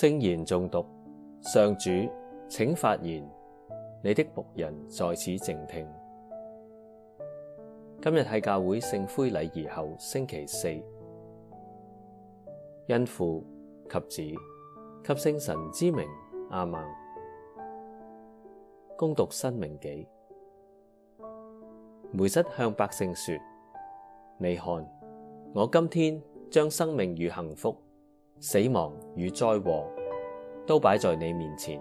聖言誦讀，上主，請發言，你的僕人在此靜聽。今日係教會聖灰禮儀後星期四，因父及子及聖神之名，阿門。恭讀申命紀，梅瑟向百姓說：「你看，我今天將生命與幸福。死亡與災禍都擺在你面前。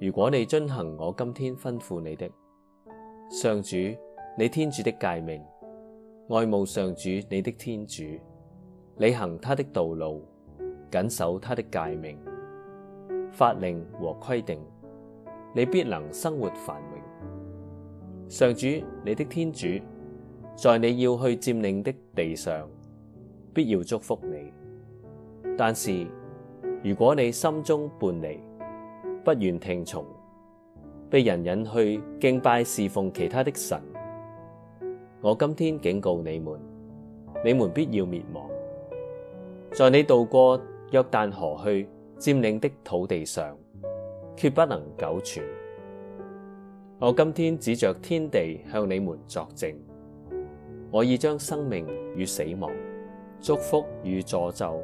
如果你遵行我今天吩咐你的，上主你天主的誡命，愛慕上主你的天主，履行他的道路，謹守他的誡命、法令和規定，你必能生活繁榮。上主你的天主在你要去佔領的地上，必要祝福你。但是，如果你心中叛離，不願聽從，被人引去敬拜事奉其他的神，我今天警告你們，你們必要滅亡。在你渡過約但河去佔領的土地上，決不能久存。我今天指着天地向你們作證，我已將生命與死亡、祝福與詛咒，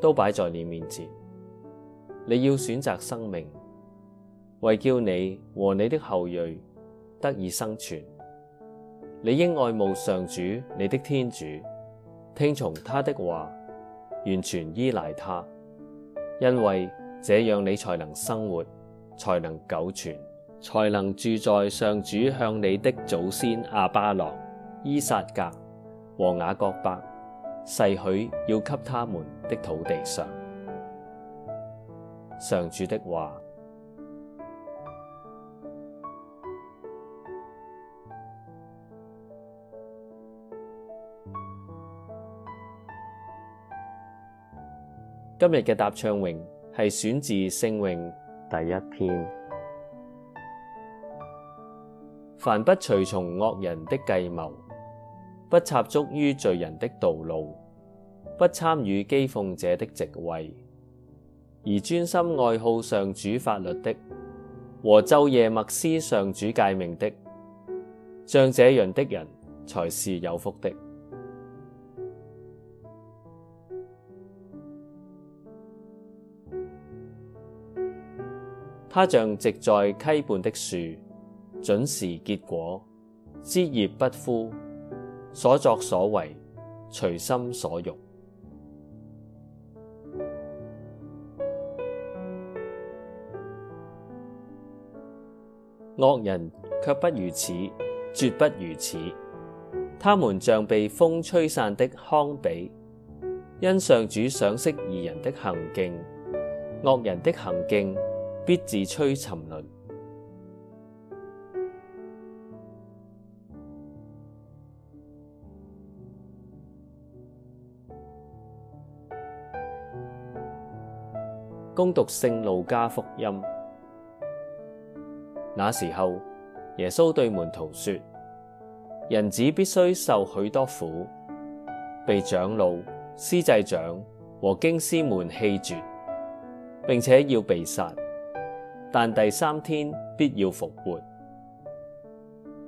都擺在你面前，你要選擇生命，為叫你和你的後裔得以生存。你應愛慕上主你的天主，聽從他的話，完全依賴他，因為這樣你才能生活，才能久存，才能住在上主向你的祖先阿巴郎、伊撒格和雅各伯細許要給他們。的土地上，上主的話。今日嘅答唱詠係選自聖詠第一篇。凡不隨從惡人的計謀，不插足於罪人的道路。不參與譏諷者的席位，而專心愛好上主法律的，和晝夜默思上主誡命的，像這樣的人才是有福的。他像植在溪畔的樹，準時結果，枝葉不枯，所作所為，隨心所欲。惡人卻不如此，絕不如此。他們像被風吹散的糠粃。因上主賞識義人的行徑，惡人的行徑必自趨沉淪。恭讀聖路加福音。那時候，耶穌對門徒說：人子必須受許多苦，被長老、司祭長和經師們棄絕，並且要被殺，但第三天必要復活。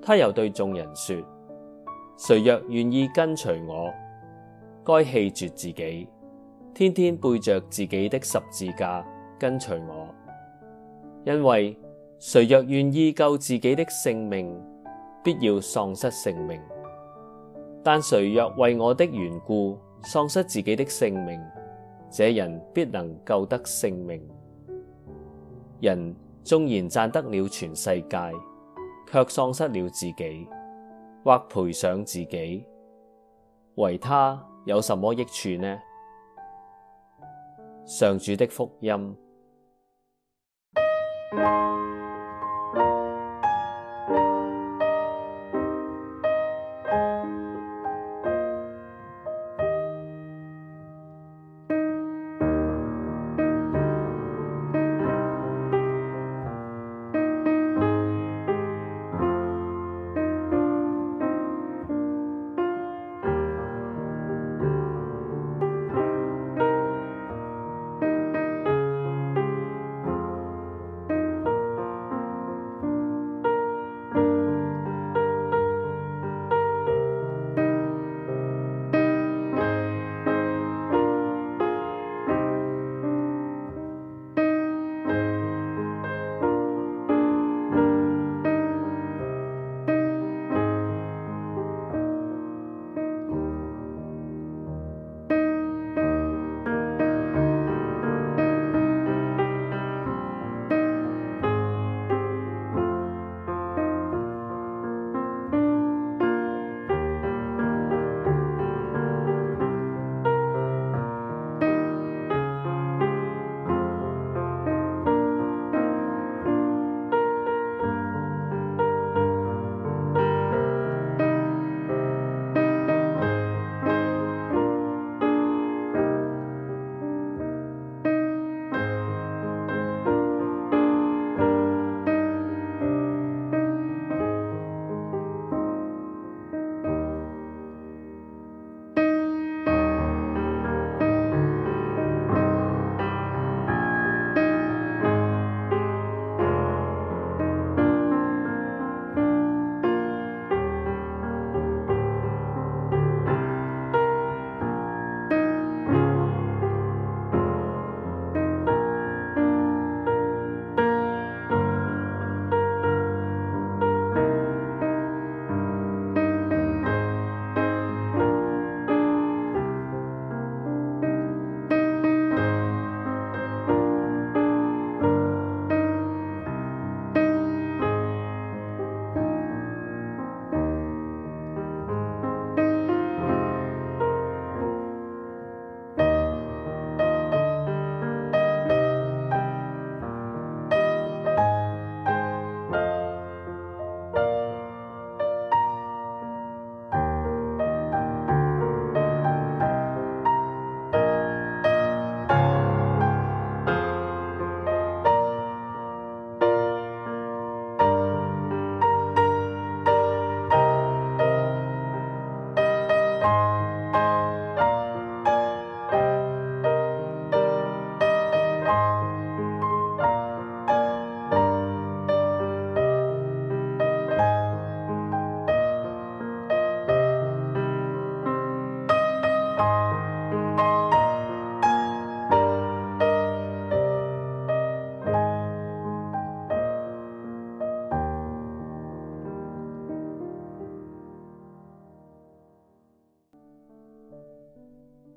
他又對眾人說：誰若願意跟隨我，該棄絕，絕自己，天天背着自己的十字架跟隨我，因為。誰若願意救自己的性命，必要喪失性命；但誰若為我的緣故喪失自己的性命，這人必能救得性命。人縱然賺得了全世界，却喪失了自己，或賠上自己，為他有什麼益處呢？上主的福音。